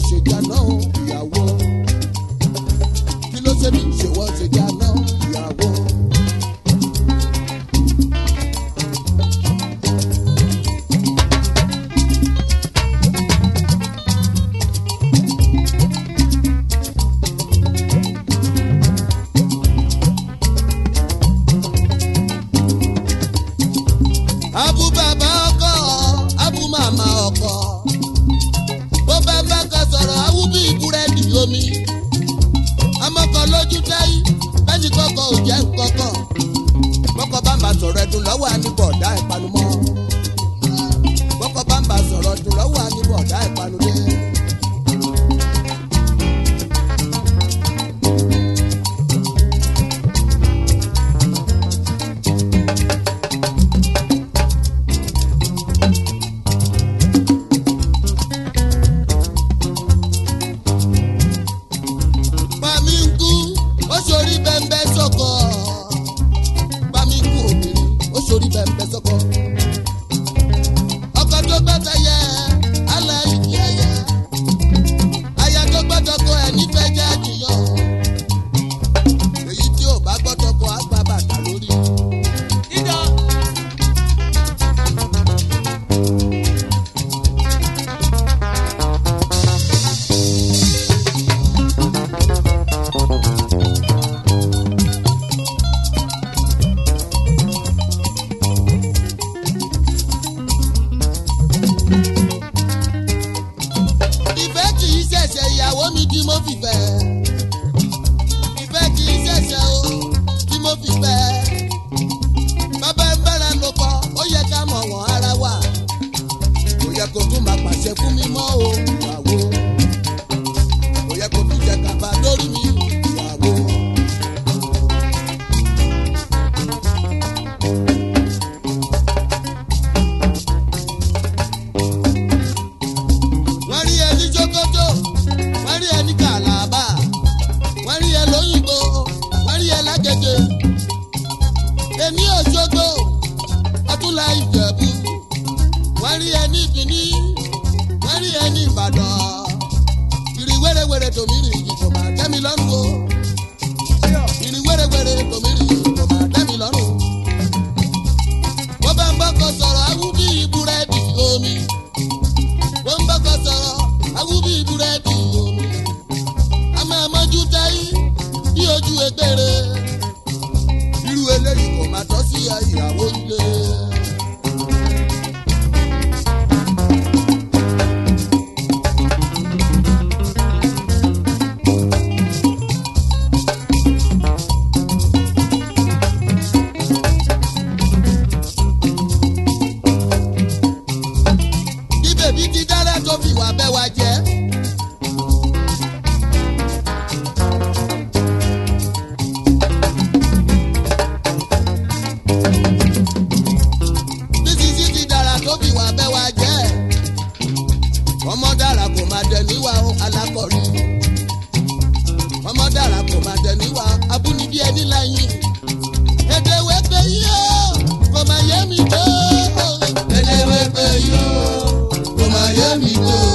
she got love you, that. kìíní mẹ́rin ẹni ìbàdàn ìrì wẹ́rẹ́wẹ́rẹ́ tòmí rìn ìjì kò máa tẹ́ mi lọ́rùn o ìrì wẹ́rẹ́wẹ́rẹ́ tòmí rìn ìjì kò máa tẹ́ mi lọ́rùn. bó bá ń bọ́kọ̀ sọ̀rọ̀ awú bí búrẹ́dì omi bó ń bọ́kọ̀ sọ̀rọ̀ awú bí búrẹ́dì omi a máa mọ́jú táyé bí ojú egbére irú eléyìí kò máa tọ́ sí ìyàwó ilé. mi tó.